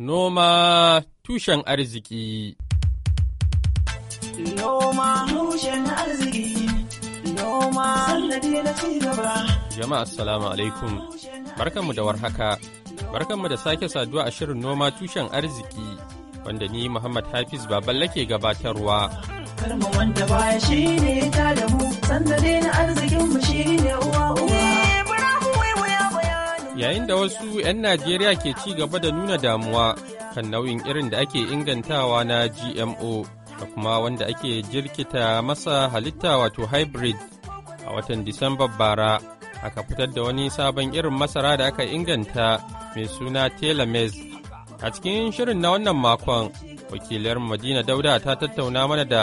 Noma tushen arziki Noma tushen arziki Noma sannadi na gaba. Jama'a assalamu alaikum barkanmu da warhaka barkanmu da sake saduwa a shirin noma tushen arziki wanda ni Muhammad Hafiz baban lake gabatarwa Karma wanda baya ne ta da mu sannadi na arzikin mu ne uwa uwa Yayin da wasu 'yan Najeriya ke ci gaba da nuna damuwa kan nau'in irin da ake ingantawa na GMO da kuma wanda ake jirkita masa halitta wato hybrid a watan disamba bara aka fitar da wani sabon irin masara da aka inganta mai suna telemes A cikin shirin na wannan makon, wakilar Madina Dauda ta tattauna mana da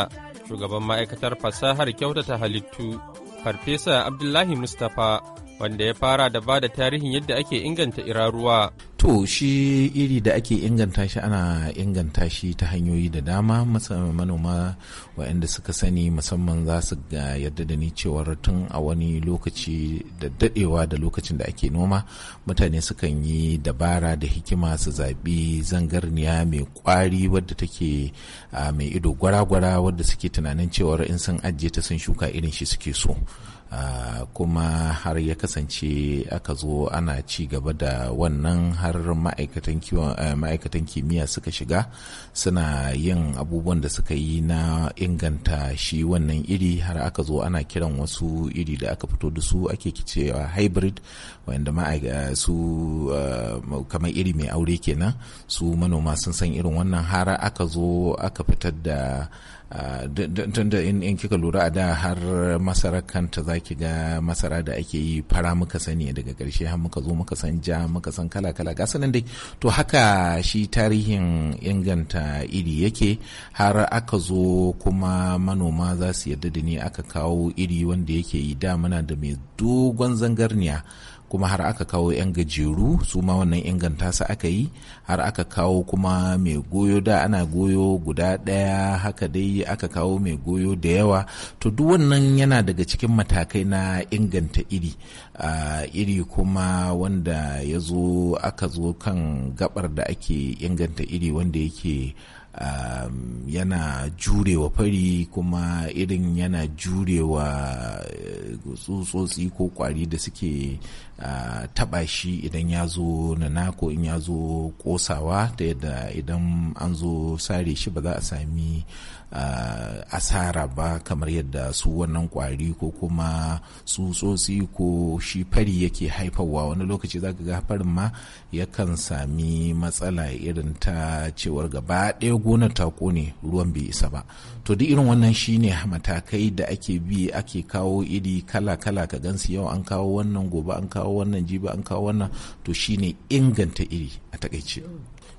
shugaban ma'aikatar fasahar kyautata halittu, Farfesa Abdullahi Mustapha. wanda ya fara da ba da tarihin yadda ake inganta iraruwa. To shi iri da ake inganta shi ana inganta shi ta hanyoyi da dama musamman manoma waɗanda suka sani musamman za su ga yadda da ni cewar tun a wani lokaci da daɗewa da lokacin da ake noma mutane sukan yi dabara da hikima su zaɓi zangarniya mai ƙwari wadda take ah, mai ido gwara-gwara wadda suke tunanin cewar in sun ajiye ta sun shuka irin shi suke so. Ah, kuma har ya kasance aka zo ana ci gaba da wannan har eh, ma'aikatan kimiyya suka shiga suna yin abubuwan da suka yi na inganta shi wannan iri har aka zo ana kiran wasu iri da aka fito da su ake cewa hybrid wanda eh, su eh, kamar iri mai aure kenan su manoma sun san irin wannan har aka zo aka fitar da ah, in kika lura a da har masarar kanta za zaki ga masara da ake yi fara muka sani daga ƙarshe har muka zo muka san ja muka san kala kala ga dai to haka shi tarihin inganta iri yake har aka zo kuma manoma za su yarda da ni aka kawo iri wanda yake yi da muna da mai dogon zangarniya kuma har aka kawo 'yan gajeru su ma wannan inganta su aka yi har aka kawo kuma mai goyo da ana goyo guda ɗaya haka dai aka kawo mai goyo da yawa to duk wannan yana daga cikin matakai na inganta iri iri kuma wanda ya zo aka zo kan gabar da ake inganta iri wanda yake Um, yana jurewa fari kuma irin yana jurewa eh, tsutsotsi ko kwari da suke uh, taba shi idan ya zo nana ko in ya zo kosawa ta yadda idan an zo sare shi ba za a sami uh, asara ba kamar yadda su wannan kwari ko kuma tsutsotsi ko shi fari yake haifawa wani lokaci za ka ga farin ma yakan sami matsala irin ta cewar gaba ɗaya gonar ta kone ruwan bai isa ba to duk irin wannan shine matakai da ake bi ake kawo iri kala kala ka gansu yau an kawo wannan gobe an kawo wannan jiba an kawo wannan to shine inganta iri a takaice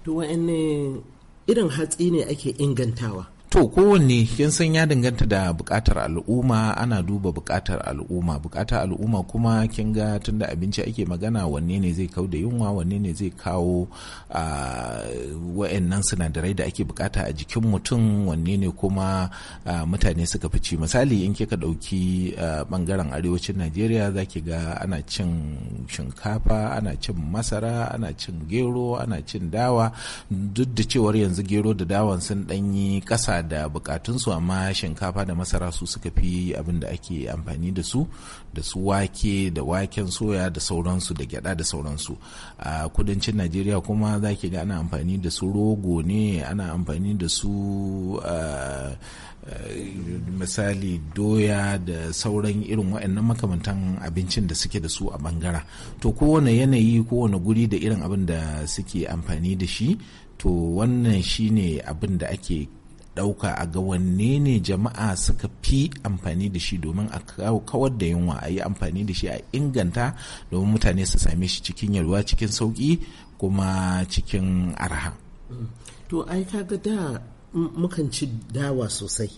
to wa'anne irin hatsi ne ake ingantawa To kowanne kin san ya danganta da bukatar al'umma ana duba bukatar al'umma bukatar al'umma kuma kin ga tunda abinci ake magana wanne ne zai kau da yunwa wanne ne zai kawo wa'annan sinadarai da ake bukata a jikin mutum wanne ne kuma mutane suka fi ci misali in kika dauki bangaren arewacin Najeriya zaki ga ana cin shinkafa ana cin masara ana cin gero ana cin dawa duk da cewar yanzu gero da dawan sun danyi kasa da bukatunsu amma shinkafa da masara su suka fi abin da ake amfani da su da su wake da waken soya da sauransu da gyada da sauransu a kudancin najeriya kuma za ki ga ana amfani da su rogo ne ana amfani da su misali doya da sauran irin waɗannan makamantan abincin da suke da su a bangara to kowane yanayi kowane guri da irin abin da suke amfani da shi to wannan shine abin da ake ɗauka a ga wanne ne jama'a suka fi amfani da shi domin a kawar da yunwa a yi amfani da shi a inganta domin mutane su same shi cikin yalwa cikin sauƙi kuma cikin arha. to ai kaga da mukan ci dawa sosai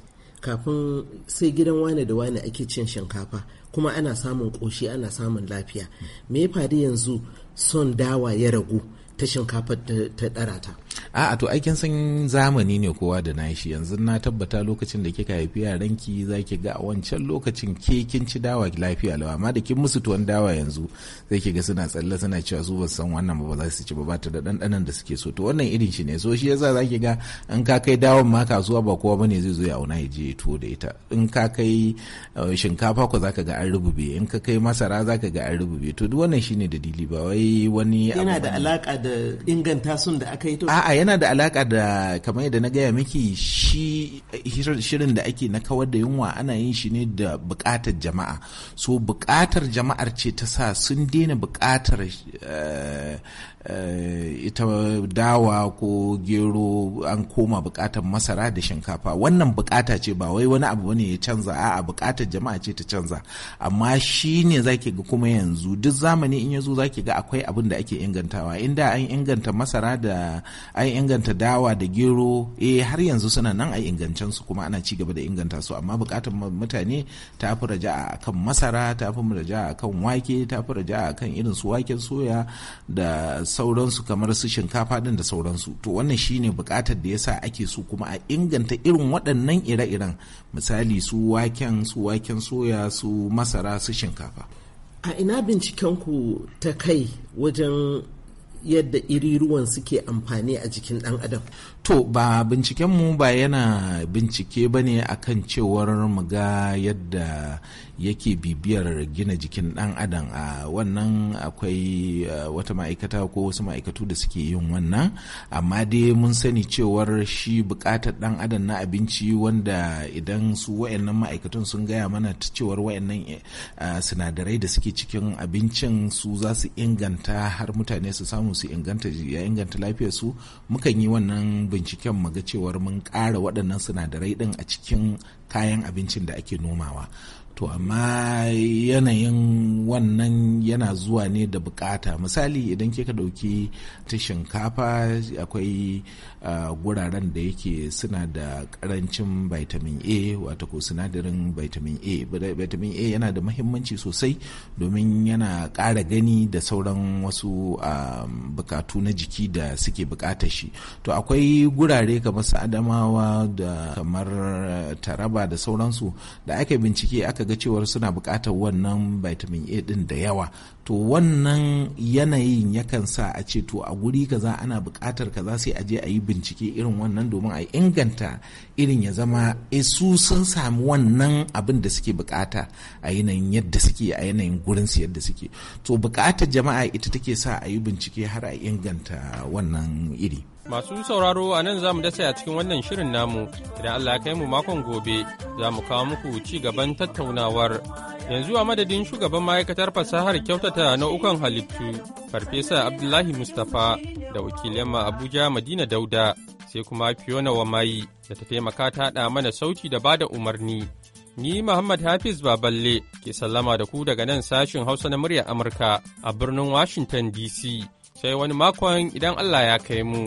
kafin sai gidan wane da wane ake cin shinkafa kuma ana samun ƙoshi ana samun lafiya me ya faru yanzu son dawa ya ragu ta shinkafa ta ɗarata. a'a to aikin san zamani ne kowa da nashi yanzu na tabbata lokacin da kika haifi yaran ki zaki ga a wancan lokacin ke kin ci dawa lafiya lawa amma da kin musu tuwon dawa yanzu zai ki ga suna tsalle suna cewa su ban san wannan ba za su ci ba ba ta da ɗanɗanon da suke so to wannan irin shi ne so shi yasa zaki ga in ka kai dawon ma kasuwa ba kowa bane zai zo ya auna ya je ya tuwo da ita in ka kai eh, shinkafa ko zaka ga an rubube in ka kai masara zaka ga an rubube to duk wannan shine dalili ba wai wani yana da alaka da inganta sun da aka yi to a'a yana da alaka da kamar yadda na gaya miki shi shirin da ake na kawar da yunwa ana yin shi ne da bukatar jama'a so bukatar jama'ar ce ta sa sun daina bukatar eh, eh, ita dawa ko gero an koma bukatar masara da shinkafa wannan bukata ce ba wai wani abu ne ya canza a'a bukatar jama'a ce ta canza amma shi ne zaki ga kuma yanzu duk zamani in ya zo zaki ga akwai abin da ake ingantawa inda an inganta masara da an inganta dawa da gero eh har yanzu suna nan a ingancen su kuma ana ci gaba da inganta su amma bukatar mutane ta fi raja akan masara ta fi raja akan wake ta fi raja akan irin su waken soya da sauransu kamar su shinkafa din da sauransu to wannan shine bukatar da yasa ake su kuma a inganta irin waɗannan ire-iren misali su waken su waken soya su masara su shinkafa a ina binciken ku ta kai wajen yadda iri ruwan suke amfani a jikin dan adam. To ba bincikenmu ba yana bincike ba ne akan cewar ga yadda yake bibiyar gina jikin dan adam a wannan akwai wata ma'aikata ko wasu ma'aikatu da suke yin wannan amma dai mun sani cewar shi bukatar dan adam na abinci wanda idan su wayannan ma'aikatun sun gaya mana cewar wayannan sinadarai da suke cikin abincin su za su inganta har mutane su samu samu su inganta ya inganta lafiyar su mukan yi wannan binciken mu ga cewar mun ƙara waɗannan sinadarai din a cikin kayan abincin da ake nomawa to amma yanayin wannan yana zuwa ne da bukata misali idan kika ɗauki ta shinkafa akwai guraren da yake suna da karancin vitamin a wata ko sinadarin vitamin a vitamin a yana da mahimmanci sosai domin yana ƙara gani da sauran wasu bukatu na jiki da suke bukatar shi to akwai gurare kamar su adamawa da kamar taraba da sauransu da aka bincike aka ga cewar suna bukatar wannan vitamin A din da yawa to wannan yanayin yakan sa a ce to a guri kaza ana bukatar kaza sai a je a yi bincike irin wannan domin a inganta irin ya zama e su sun samu wannan abin da suke bukata a yanayin yadda suke a yanayin gurin su yadda suke to bukatar jama'a ita take sa a yi bincike har a inganta wannan iri Masu sauraro a nan za mu dasa a cikin wannan shirin namu, idan Allah ya kai mu makon gobe za mu kawo muku ci gaban tattaunawar. Yanzu a madadin shugaban ma'aikatar fasahar kyautata nau'ukan halittu, Farfesa Abdullahi Mustapha da wakilin ma Abuja Madina Dauda, sai kuma Fiona Wamayi da ta taimaka ta da mana sauti da bada umarni. Ni Muhammad Hafiz Baballe ke sallama da ku daga nan sashin Hausa na muryar Amurka a birnin Washington DC. Sai wani makon idan Allah ya kai mu.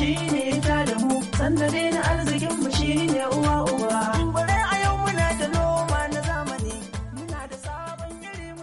shi ne ta da mu sanda na arziki